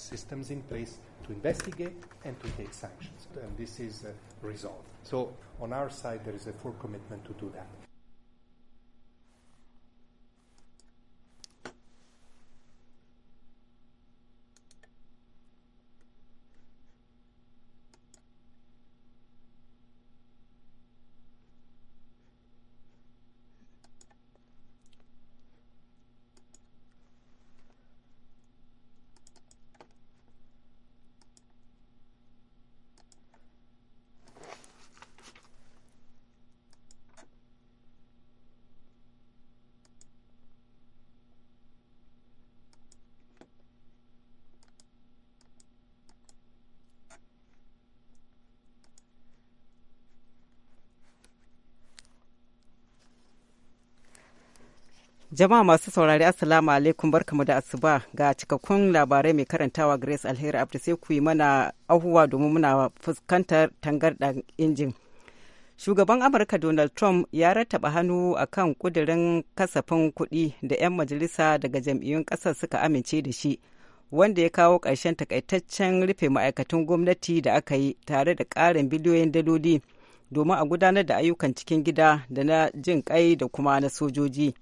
systems in place to investigate and to take sanctions. And this is uh, resolved. So on our side, there is a full commitment to do that. Jama'a masu saurari Assalamu alaikum barkamu da asuba ga cikakkun labarai mai karantawa Grace Alheri Abdu sai ku yi mana ahuwa domin muna fuskantar tangarɗar injin. Shugaban Amurka Donald Trump ya rattaba hannu a kan kudirin kasafin kuɗi da 'yan majalisa daga jam'iyyun ƙasar suka amince da shi, wanda ya kawo ƙarshen takaitaccen rufe ma'aikatan gwamnati da aka yi tare da ƙarin biliyoyin daloli domin a gudanar da ayyukan cikin gida da na jin ƙai da kuma na sojoji.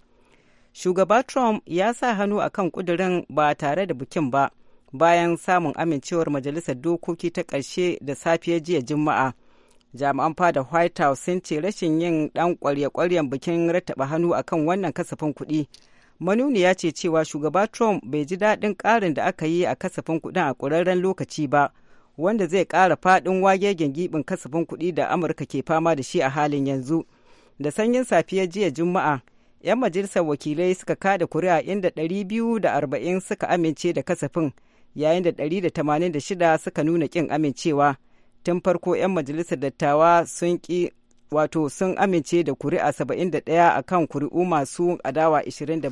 shugaba trump ya sa hannu a kan kudirin ba tare da bikin ba bayan samun amincewar majalisar dokoki ta ƙarshe da safiyar jiya juma'a jami'an fada white house sun ce rashin yin ɗan ƙwarya kwaryen bikin rattaba hannu akan wannan kasafin kuɗi manuni ya ce cewa shugaba trump bai ji daɗin ƙarin da aka yi a kasafin kuɗin a ƙurarren lokaci ba wanda zai ƙara faɗin wagegen giɓin kasafin kuɗi da amurka ke fama da shi a halin yanzu da sanyin safiyar jiya juma'a 'yan majalisar wakilai suka kada kuri'a inda 240 suka amince da kasafin yayin da 186 suka nuna kin amincewa tun farko 'yan majalisar dattawa sun ki wato sun amince da kuri'a 71 a kan kuri'u masu adawa 27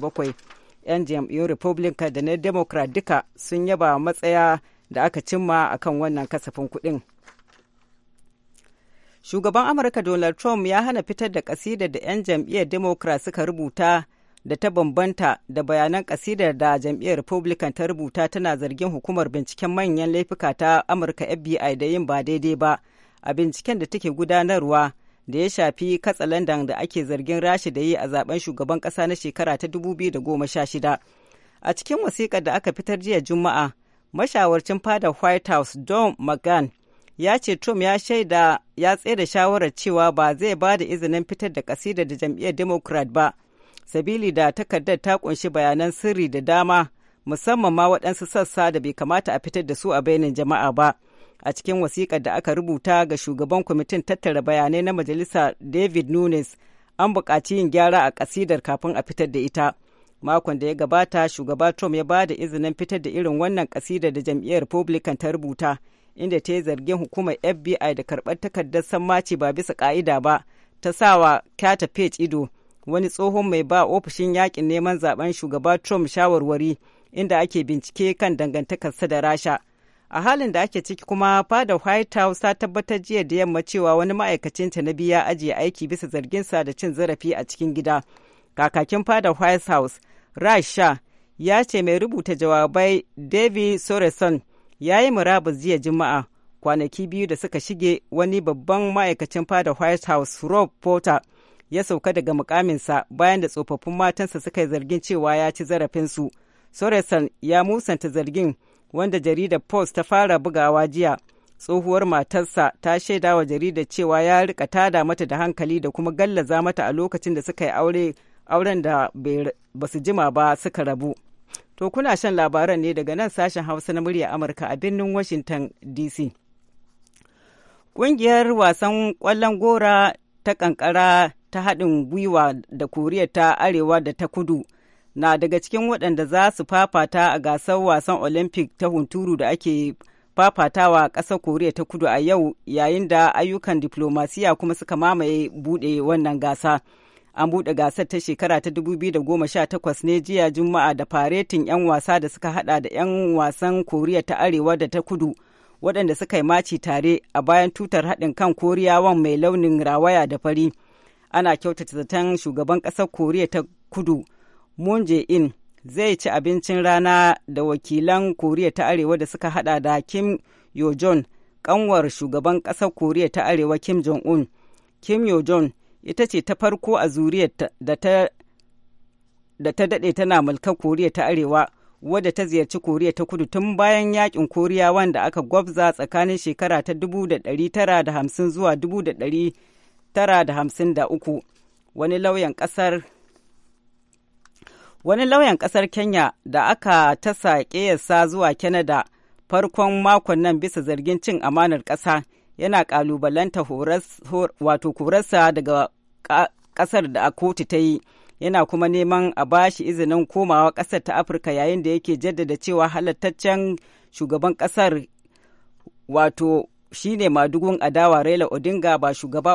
'yan jam'iyyun republican da na democrat duka sun yaba matsaya da aka cimma akan wannan kasafin kuɗin. shugaban amurka donald trump ya hana fitar da kasidar da 'yan jam'iyyar democrat suka rubuta da ta bambanta da bayanan kasidar da jam'iyyar republican ta rubuta tana zargin hukumar binciken manyan laifuka ta amurka fbi da yin ba daidai ba a binciken da take gudanarwa da ya shafi katsalandan da ake zargin rashi da yi a zaben shugaban kasa na shekara ta 2016 a cikin wasiƙar da aka fitar jiya juma'a mashawarcin fadar white house don McGann, ya ce Trump ya shaida ya tsere shawarar cewa ba zai ba da izinin fitar da kasidar da jam'iyyar Democrat ba, sabili da takardar ta kunshi bayanan sirri da dama musamman ma waɗansu sassa da bai kamata a fitar da su a bainin jama'a ba. A cikin wasiƙar da aka rubuta ga shugaban kwamitin tattara bayanai na majalisa David Nunes, an buƙaci yin gyara a kasidar kafin a fitar da ita. Makon da ya gabata, shugaba Trump ya ba da izinin fitar da irin wannan kasidar da jam'iyyar Republican ta rubuta. inda ta yi zargin hukumar FBI da karɓar takardar sammaci ba bisa ƙa'ida ba ta sawa Carter Page ido wani tsohon mai ba ofishin yakin neman zaben shugaba Trump shawarwari inda ake bincike kan dangantakarsa da Rasha. A halin da ake ciki kuma fada White House ta tabbatar jiya da yamma cewa wani ma'aikacinta na biya ajiye aiki bisa zarginsa da cin zarafi a cikin gida. Kakakin fada White House, Rasha, ya ce mai rubuta jawabai David Soreson ya yi murabus jiya juma'a kwanaki biyu da suka shige wani babban ma'aikacin fada white house rob porter ya sauka daga mukaminsa bayan da tsofaffin matansa suka yi zargin cewa ya ci zarafinsu soresan ya musanta zargin wanda jaridar post ta fara bugawa jiya tsohuwar matarsa ta shaida wa jaridar cewa ya rika tada mata da hankali da kuma gallaza mata a lokacin da suka yi aure auren da basu jima ba suka rabu To kuna shan labaran ne daga nan sashen Hausa na murya Amurka a birnin Washington DC. Ƙungiyar wasan ƙwallon gora ta ƙanƙara ta haɗin gwiwa da Koriya ta Arewa da ta Kudu na daga cikin waɗanda za su fafata a gasar wasan Olympic ta hunturu da ake fafatawa ƙasar Koriya ta Kudu a yau yayin da ayyukan diplomasiya kuma suka mamaye buɗe wannan gasa. An buɗe gasar ta shekara ta 2018 ne jiya Juma'a da faretin 'yan wasa da suka hada da 'yan wasan Koriya ta Arewa da ta Kudu waɗanda suka yi maci tare a bayan tutar haɗin kan Koriyawan mai launin rawaya da fari. Ana kyautata zaton shugaban ƙasar Koriya ta Kudu Moon Jae-in zai ci abincin rana da wakilan Koriya ta Arewa da suka hada da Kim Yo-jong kanwar shugaban ƙasar Koriya ta Arewa Kim Jong-un. Kim Yo-jong ita ce ta farko a zuriyar da ta daɗe tana mulkar koriya ta arewa wadda ta ziyarci koriya ta kudu tun bayan yakin koriya wanda aka gwabza tsakanin shekara ta 1950 zuwa 1953 wani lauyan kasar wani lauyan kasar kenya da aka ta saƙe zuwa canada farkon makon nan bisa zargin cin amanar ƙasa yana kalubalanta wato kurarsa daga kasar da kotu ta yi yana kuma neman a bashi izinin komawa kasar ta afirka yayin da yake jaddada cewa halattaccen shugaban kasar wato shine madugun adawa raila odinga ba shugaba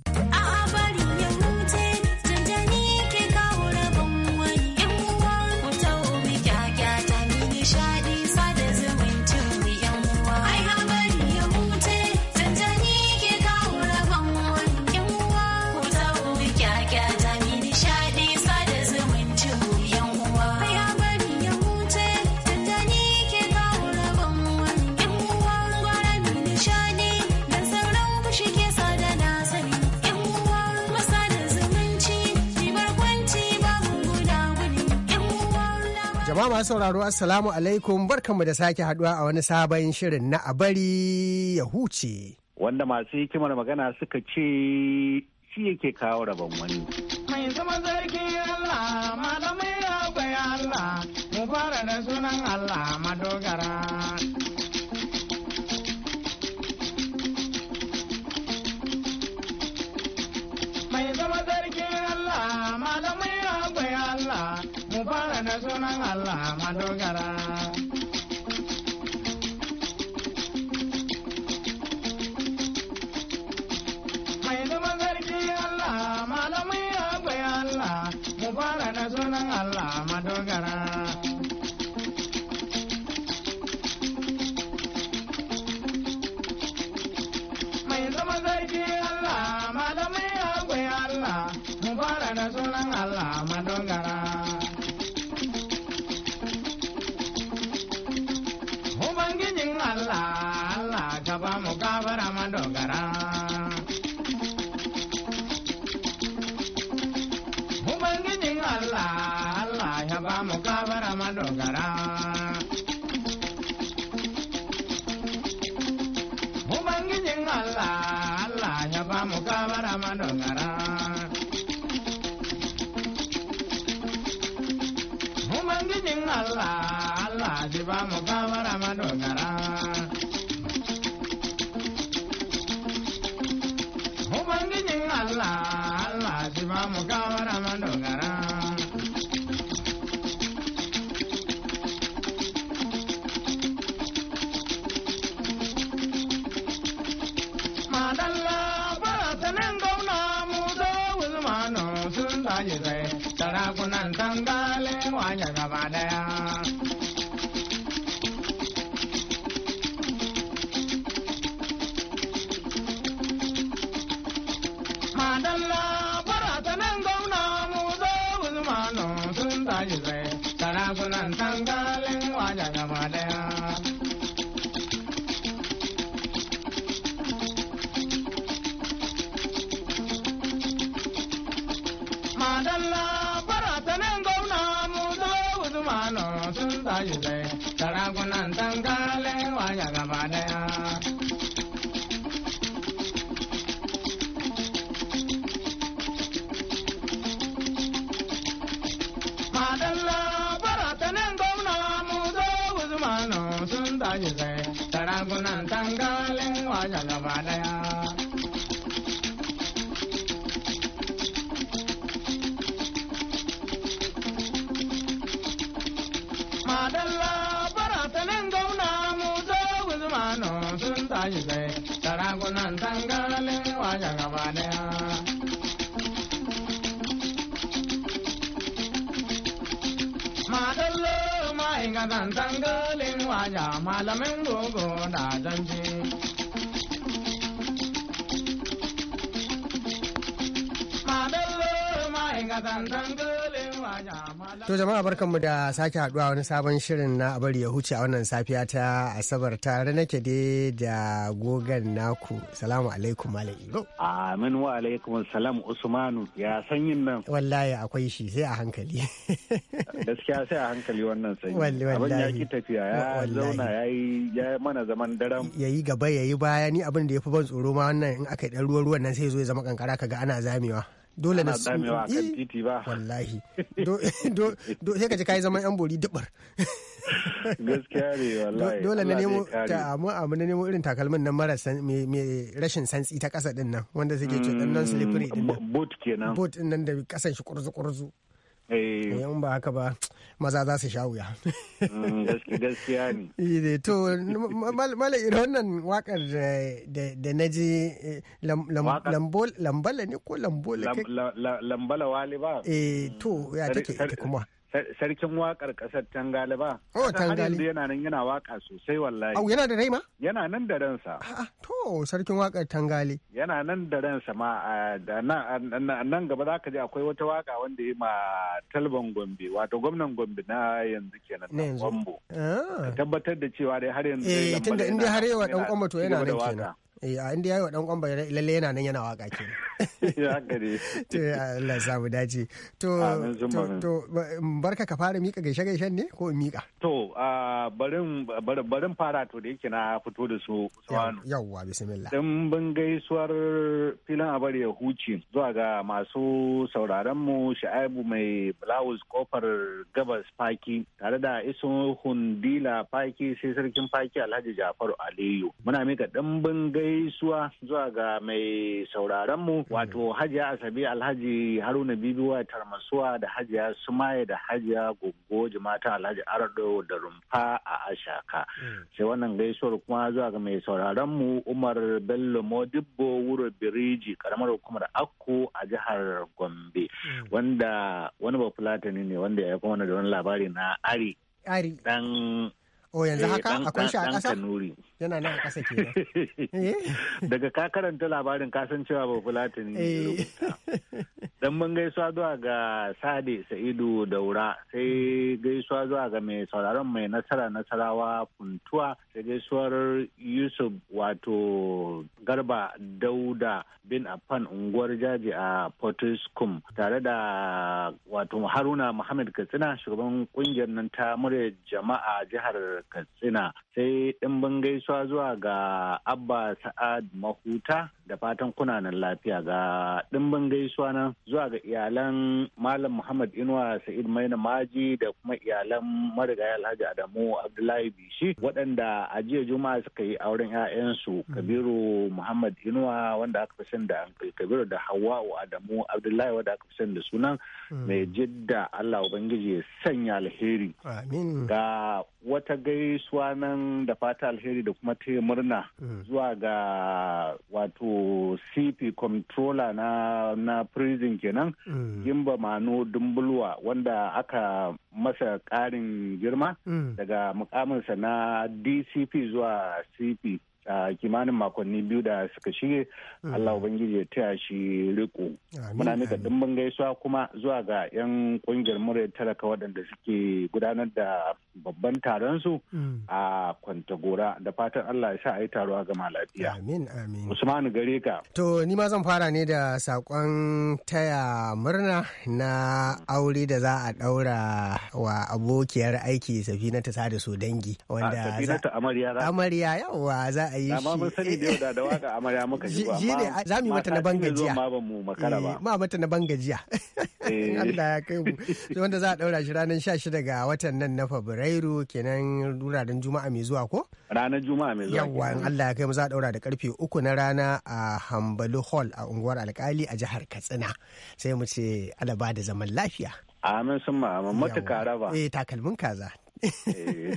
masu sauraro assalamu alaikum barkanmu da sake haduwa a wani sabon shirin na a ya huce. Wanda masu hikimar magana suka ce shi yake kawo rabon wani. Mai zama zarki Allah, malamai akwai Allah, mu fara da sunan Allah madogara. Mai zama zarki Allah, malamai akwai Allah, fara da sunan Allah madogara. Allah Allah shi ba mu kawara madalla farata nan gauna mu zo uzumano sun tashi dai taragunan tangalewa ya gaba daya ja malamin na da zance. To jama'a barkanmu da sake haduwa wani sabon shirin na bari ya huce a wannan safiya ta Asabar tare nake dai da gogan naku. Salamu alaikum Malam Iro. Amin wa alaikum salam Usmanu ya sanyin nan. Wallahi akwai shi sai a hankali. Gaskiya sai a hankali wannan sanyi. Wallahi wallahi. Abin ya ki tafiya ya zauna ya yi ya mana zaman daram. Ya yi gaba ya yi baya ni abin da ya fi ban tsoro ma wannan in aka yi ɗan ruwa ruwan nan sai zo ya zama kankara kaga ana zamewa. dole na su eh, wallahi do sai ka ji kai zaman yan bori dubar gaskiya ne dole na nemo ta amu amu na nemo irin takalmin nan mara me rashin santsi ta kasa din nan wanda suke ce dan mm, non slippery din nan boot kenan boot din nan da kasan shi kurzu kurzu Eh, eh. in ba haka ba maza za su sha wuya mm, gaskiya ne eh, dai, to mala wannan wakar da na ji eh, lambala ne ko lambola lambala wali ba eh to ya mm. take kuma sarkin wakar kasar ba? Oh, Tangali. Har yana nan yana waka sosai wallahi. oh yana da rai ma? Yana nan da ransa. to sarkin wakar Tangali. Yana nan da ransa ma da nan gaba za ka ji akwai wata waka wanda yi ma Talban Gombe, wato gwamnan Gombe na yanzu kenan Na gombo ah. Ka tabbatar da cewa dai har yanzu. Eh, tunda inda har yawa dan Kwambo to yana nan kenan. Eh, a inda yi wa dan kwan bayar lalle yana nan yana waƙa ke ya gare to Allah ya samu dace to to barka ka fara mika gaishe gaishen ne ko mika to barin barin fara to da yake na fito da su yawwa bismillah dan bin gaisuwar filin abar ya huce zuwa ga masu sauraron mu shaabu mai blouse kofar gabas faki tare da isun hundila faki sai sarkin faki Alhaji Jafaru Aliyu muna mika bin gaisuwar gaisuwa zuwa ga mai sauraronmu mm. wato hajiya asabi alhaji haruna bibiwa tarmasuwa da hajiya sumaye da hajiya gogo jimata alhaji ardo da rumfa a ashaka mm. sai wannan gaisuwar kuma zuwa ga mai mu umar bello modibbo wuro biriji karamar hukumar akko a jihar gombe mm. wanda wani bafulatani ne wanda ya kuma da wani labari na ari ari dan Oh, yanzu eh, haka akwai shi a ƙasa? Yana nan a ƙasa ke eh? Daga ka karanta labarin kasan cewa ba fulatin ne eh. Dan mun gaisuwa zuwa ga Sade Sa'idu Daura sai gaisuwa zuwa ga mai sauraron mai nasara nasarawa Funtuwa sai gaisuwar Yusuf wato Garba Dauda bin Affan unguwar jaji a Potiskum tare da wato Haruna Muhammad Katsina shugaban kungiyar nan ta murya jama'a jihar katsina sai ɗimbin gaisuwa zuwa ga abba sa'ad mahuta da fatan kuna nan lafiya ga ɗimbin gaisuwa nan zuwa ga iyalan Malam Muhammad Inuwa Sa'id Maina Maji da kuma iyalan marigayi Alhaji Adamu Abdullahi Bishi waɗanda a jiya Juma'a suka yi auren 'ya'yansu mm. Kabiru Muhammad Inuwa wanda aka fi sani da Kabiru da Hawwa'u Adamu Abdullahi wanda aka fi sani da sunan mm. mai jidda Allah Ubangiji ya sanya alheri. Ga wata gaisuwa nan da fata alheri da kuma ta murna mm. zuwa ga wato cp controller na, na prison kenan mm. gimba mano dumbulwa wanda aka masa ƙarin girma mm. daga mukaminsa na dcp zuwa cp a kimanin makonni biyu da suka shige hmm. Allah Ubangiji ya taya shi riko. Muna nika dimbin gaisuwa kuma zuwa ga 'yan kungiyar murya talaka waɗanda suke gudanar da babban taron su hmm. a Kwantagora da fatan Allah ya sa a yi taro a gama lafiya. Amin amin. Usmanu gare ka. To ni ma zan fara ne da sakon taya murna na aure da za a daura wa abokiyar aiki Safinatu Sada dangi wanda ta Amarya Amarya yawa za a yi shi. Amma mun sani da yau da waka amarya muka ji ba. Shi ne za mu yi mata na ban gajiya. Ma ban mu makara ba. Eh, ma mata na ban gajiya. Eh. Allah ya kai mu. Wanda za a daura shi ranar 16 ga watan nan na Fabrairu kenan wuraren Juma'a mai zuwa ko? Ranar Juma'a mai zuwa. Yawwa in Allah ya kai mu za a daura da karfe uku na rana a Hambalu Hall a unguwar Alkali a jihar Katsina. Sai mu ce ba da zaman lafiya. Amin sun ma'amin matuƙa raba. Eh takalmin kaza. Eh.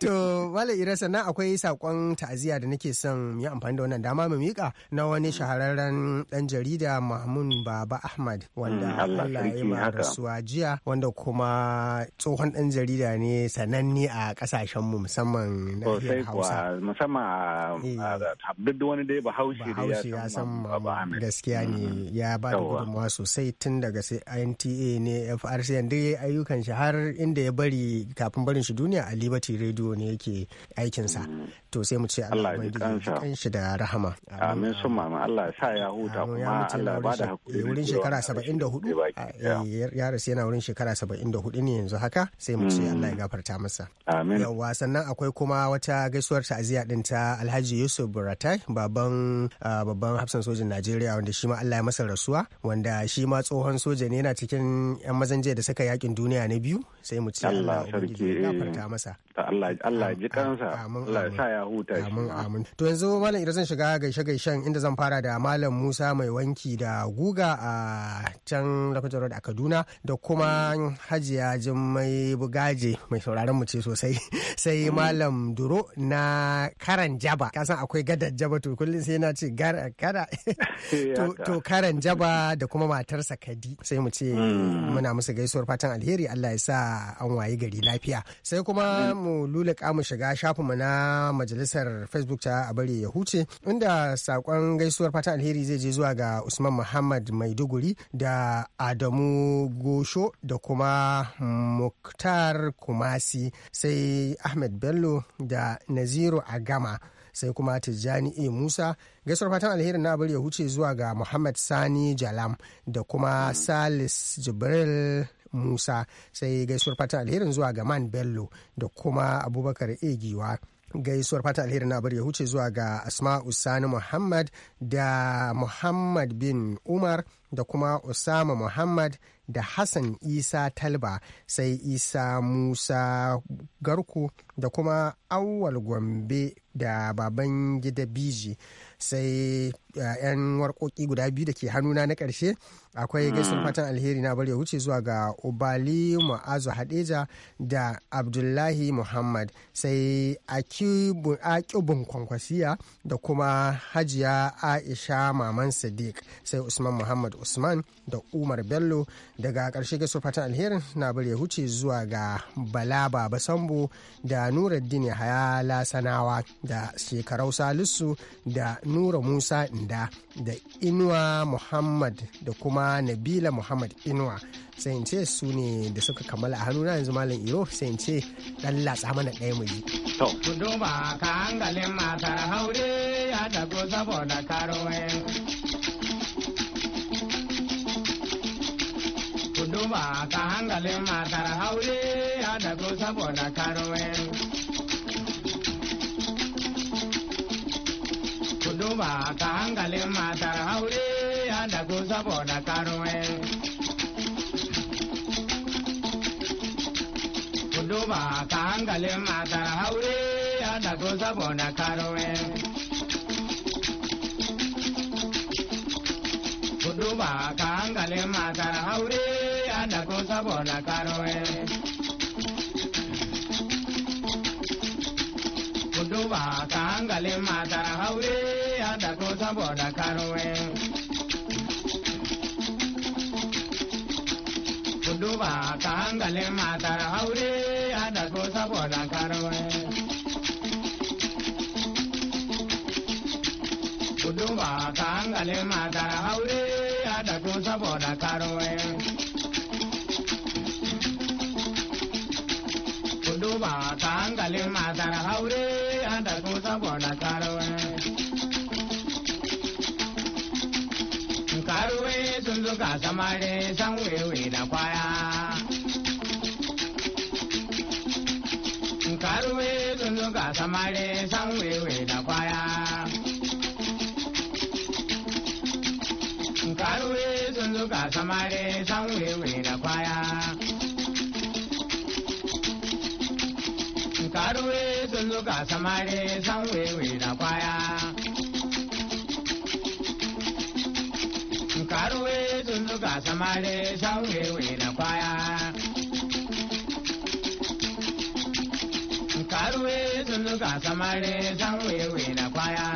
to wale Ira sannan akwai sakon ta'aziyya da nake son yi amfani da wannan dama mu mika na wani mm. shahararren dan jarida Mahmud Baba Ahmad wanda mm, Allah ya yi rasuwa jiya wanda kuma tsohon dan jarida ne sananne a kasashen mu musamman na Hausa musamman eh. duk wani dai Bahaushe ya san gaskiya ne mm. ya ba da gudunmawa sosai tun daga NTA ne FRCN duk ayyukan shi har inda ya bari kafin barin shi duniya a liberty radio ne yake aikinsa to sai mu ce allah ya ji shi da rahama amin sun mama allah ya sa ya huta kuma allah ya bada hakuri eh, wurin shekara 74 ah, eh, ya rasu yana wurin shekara saba'in da hudu ne yanzu haka sai mu ce allah ya mm. gafarta masa yawwa sannan akwai kuma wata gaisuwar ta'aziyya din ta alhaji yusuf buratai baban ah, babban hafsan sojin najeriya wanda shi ma allah ya masa rasuwa wanda shi ma tsohon soja ne yana cikin yan mazan jiya da suka yakin duniya na biyu sai mu ce allah sarki gafarta eh. masa Allah ji kansa Allah sa ya huta shi amin amin to yanzu malam idan zan shiga gaishe gaishen inda zan fara da malam Musa mai wanki da guga a can Lafiyar Road a Kaduna da kuma Hajiya Jummai Bugaje mai sauraron mu ce sosai sai mm. malam Duro na Karan Jaba san akwai gadar Jaba to kullun sai na ce gara gara to Karan Jaba da kuma matarsa Kadi sai mu ce mm. muna musu gaisuwar fatan alheri Allah ya sa an waye gari lafiya sai kuma mu mu lulaka mu shiga shafin mu na majalisar facebook ta a bari ya huce inda sakon gaisuwar fata alheri zai je zuwa ga usman muhammad maiduguri da adamu gosho da kuma muktar kumasi sai ahmed bello da naziru agama sai kuma tijjani e musa gaisuwar fatan alheri na bari ya huce zuwa ga muhammad sani jalam da kuma salis jibril musa sai gaisuwar fata alherin zuwa ga man bello da kuma abubakar egiwa gaisuwar fata alherin na bari ya huce zuwa ga asma usani muhammad da muhammad bin umar da kuma usama muhammad da hassan isa talba sai isa musa garko da kuma Awal gombe da baban gida biji sai 'yan warkoki guda biyu da ke hannuna na karshe akwai hmm. gaisuwar fatan alheri na bari ya wuce zuwa ga obali mu'azu hadeja da abdullahi muhammad sai akibun kwankwasiya da kuma hajiya aisha maman sadiq sai usman muhammad usman da umar bello daga ƙarshe gaisuwar fatan alheri na bari ya wuce zuwa ga bala baba sambo da dini haya lasanawa da shekarau salisu da nura musa inda da inuwa muhammad da kuma nabila muhammad inuwa sai in ce su ne da suka kammala a na yanzu malam iro sai in ce dan latsa mana ɗaya mu yi. to duba ka hangalin matar haure ya dago saboda karuwa duba ka hangalin matar haure ya saboda karuwa duba ka hankalin matar haure ya dagu saboda karuwe. Ku duba ka hankalin matar haure ya dagu saboda karuwe. Ku duba ka hankalin matar haure ya dagu saboda karuwe. duba ka hankalin matar haure ya ko saboda karwe. Ku duba ka hankalin matar haure ya ko saboda karwe. Ku duba ka hankalin matar haure ya ko saboda karwe. matasa samari san wewe da kwaya. Karuwe tunu ga samari san wewe da kwaya. Karuwe tunu ga samari san wewe da kwaya. Karuwe tunu ga samari san wewe da kwaya. ga samare shaurewe na kwaya. Karuwe sun ga samare shaurewe na kwaya.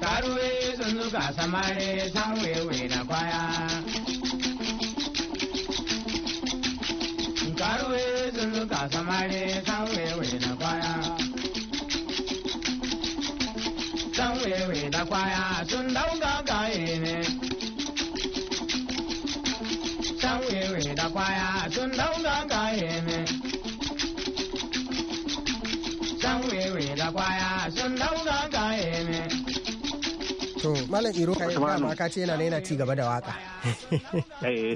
Karuwe sun ga samare na kwaya. Karuwe sun ga samare na kwaya. Malam Iro kai dama ka ce yana na yana ci gaba da waka. Eh,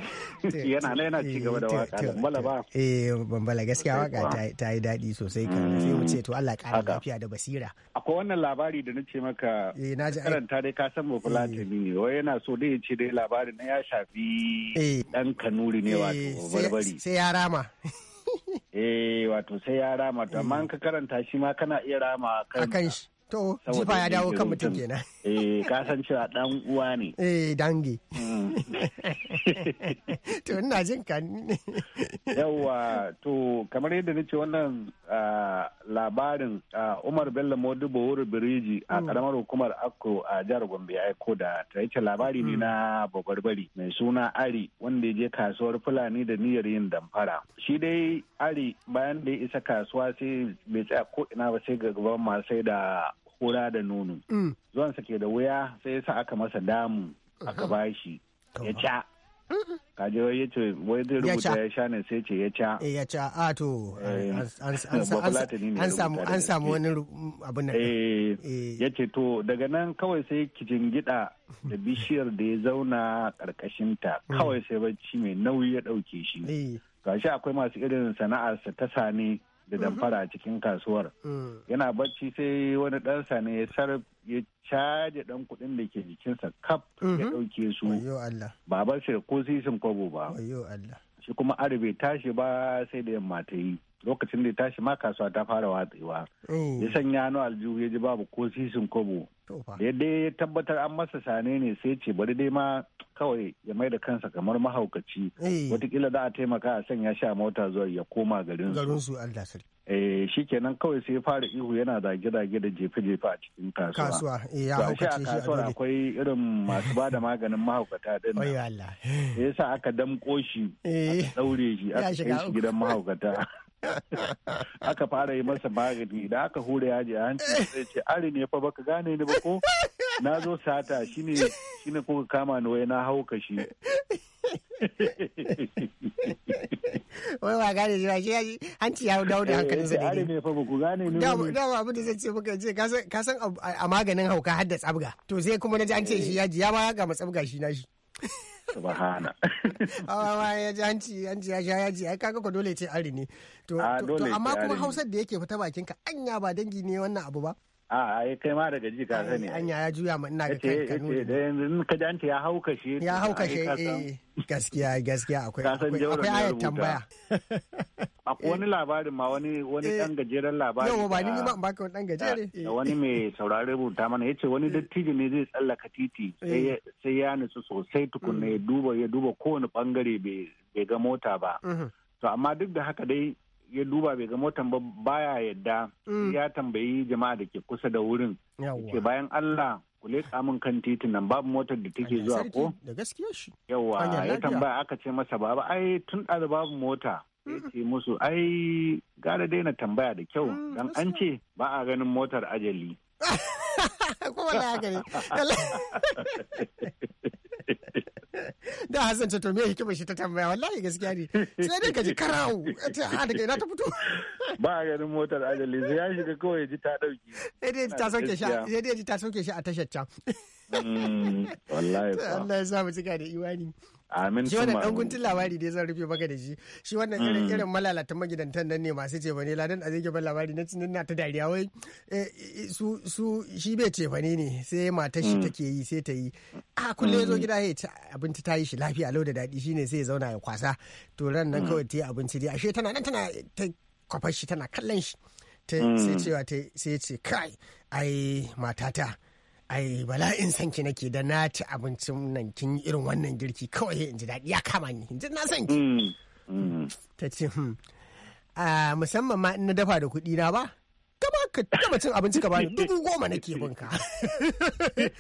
yana na yana ci gaba da waka bambala ba. Eh bambala gaskiya waka ta yi daɗi sosai kan mm. sai mu ce to Allah ƙara lafiya da basira. Akwai wannan labari da na ce maka eh, karanta dai ka san bafulatani ne wai yana so dai ya ce dai labarin na ya shafi dan eh. kanuri ne wato barbari. Sai ya rama. eh wato sai ya rama to amma ka karanta shi ma kana iya rama kan shi To, jifa ya dawo kan mutum kenan. Eh, kasan cewa dan uwa ne. Eh, dangi. Mm. To, ina jin ka. Yawwa, to, kamar yadda nace wannan labarin Umar Bello Modibo Wuri Biriji a mm. karamar hukumar Akko a jihar Gombe ya aiko da ta yace labari ne mm. na babarbari mai suna Ari wanda ya je kasuwar Fulani da niyyar yin damfara. Shi dai Ari bayan da ya isa kasuwa sai bai tsaya ko ina ba sai ga gaban masu sai da kura da nono mm. Zuwan sa ke da wuya sai yasa aka masa damu aka bashi ya ca kaje wai ya ce wai zai rubuta ya sha ne sai ce ya ca eh, ya ca a ah, to eh, an samu wani mm, abin nan eh, ya ce to daga nan kawai sai Kicin gida da bishiyar da ya zauna ta mm. kawai sai bacci mai nauyi ya dauke shi gashi akwai masu irin sana'arsa ta Sani. da mhm. damfara a cikin kasuwar mm. yana bacci sai wani ɗansa ne ya sar ya caje ɗan kuɗin da ke jikinsa kaf ya mhm. ɗauke su ba ba shi ko sisin kwabo ba shi kuma arabe tashi ba sai da yamma ta yi lokacin da ya tashi ma kasuwa ta fara watsewa oh. ya sanya hannu aljihu ya ji babu ko sisin kwabo da ya tabbatar an masa sane ne sai ce bari dai ma kawai ya mai da kansa kamar mahaukaci eh. watakila za a taimaka a sanya sha mota zuwa ya koma garin su eh shi kenan kawai sai fara ihu yana zage-zage da jefe-jefe a cikin kasuwa kasuwa eh, ya haukace shi a kasuwa akwai irin masu ba da maganin mahaukata din nan ya sa aka damko shi eh. aka daure shi aka kai shi gidan mahaukata aka fara yi masa magani da aka hure yaji a hanci sai ce ari ne fa baka gane ni ba ko na zo sata shine shine kuka kama ni wai na hau kashi wai wa gane ji shi shi hanci ya dawo da eh, hankalin sa dai ne fa ba ku gane ni da ba abin da zai ce muka ce ka san a maganin hauka hadda tsabga to sai kuma na ji an ce shi yaji ya ma ga matsabga shi na shi subhana awa ah, ya ji hanci hanci ya sha yaji ai kaga ko dole ce ari ne to ah, amma kuma hausar da yake fita bakin ka anya ba dangi ne wannan abu ba a ah, ai kai ma daga ji ka sani anya ya juya ma ina ga kai kanu da yanzu ka ji ya haukashe ya haukashe shi eh, gaskiya gaskiya akwai akwai ayat tambaya Akwai eh. wani labarin ma wani wani dan eh. gajeren labari. Yau ba ni ba ba ka dan gajere. Eh. Wani mai saurare rubuta mana ya ce wani dattijo ne zai tsallaka titi sai ya nutsu sosai tukunna mm. ya duba ya duba kowane bangare bai ga mota ba. Mm-hmm. To amma duk da haka dai ya duba bai ga motan ba baya yadda mm. ya tambayi jama'a da ke kusa da wurin. Ke bayan Allah ku leƙa min kan titin nan babu motar da take zuwa ko? Da Yawwa ya tambaya aka ce masa baba ai tun ɗazu babu mota. Mm. ce musu ai gara daina tambaya da kyau mm, don an ce ba a ganin motar ajali kuma da haka ne da Hassan ta tome hikimar shi ta tambaya wallahi gaskiya ne sai dai ka ji karawo a daga ina ta fito ba a ganin motar ajali sai ya shiga kawai ya ji ta dauki sai dai ta sauke shi sai dai ta soke shi a tashar can mm, wallahi Allah ya sa mu cika da iwani Amin Shi wannan dan guntun labari dai zan rufe maka da shi. Shi wannan mm. irin irin malalatan magidantan nan ne masu ce ladan a zai ban labari na cinin na ta dariya wai eh, eh, su su shi bai cefane ne sai matar shi mm. take yi sai ta yi. A kullum ya zo mm. gida ya ci abinci ta yi shi lafiya lau da daɗi shine sai ya zauna ya kwasa. To ran nan kawai ta yi abinci dai ashe tana nan tana ta kwafar shi tana kallon shi. Sai cewa ta sai ce kai ai matata. ai in san ki nake da na ci abincin nan kin irin wannan girki kawai in ji daɗi ya kama ni in ji na san ki mm, mm. ta ce hmm, musamman ma in na dafa da kuɗi na ba gaba ka cin abinci ka bani dubu goma nake ka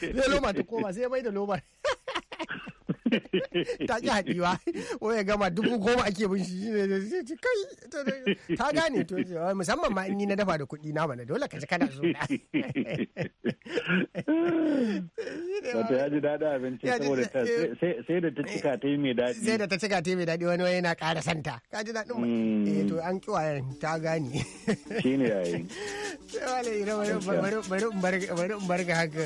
Zai loma ta koma sai mai da loma ta ki haɗiwa wai gama dubu goma ake bin shi ne kai ta gane to musamman ma in ni na dafa da kuɗi na bana dole ka ji kana so Wato ya ji daɗi abinci saboda ta eh, sai da ta cika ta yi mai daɗi. Sai da ta cika ta yi mai daɗi wani wani yana ƙara santa. Ka ji daɗin mai. Mm. Eh to an kiwayen ta gani Shi ne yayi. Sai wale bari bari in bar ga haka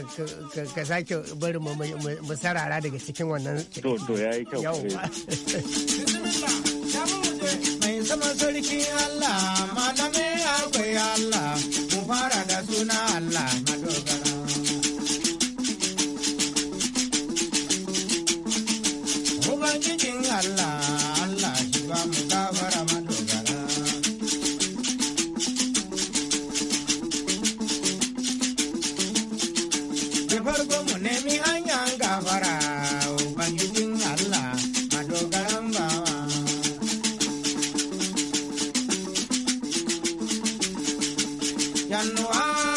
ka sake bari mu sarara daga cikin wannan. To to yayi kyau. Yawwa. Mai sama sarki Allah, malamai akwai Allah, mu fara ya no hay.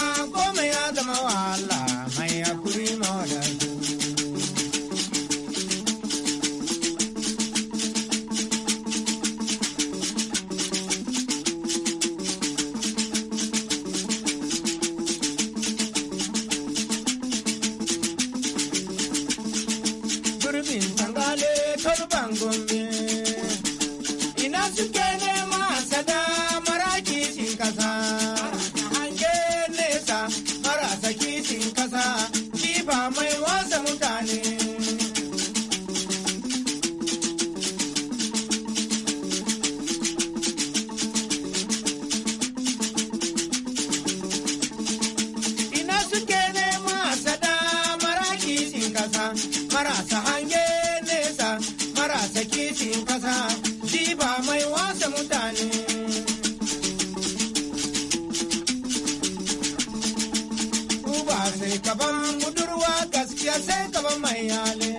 kishin kasa shi ba mai wasa mutane. Uba sai kaban budurwa gaskiya sai kaban mai yale.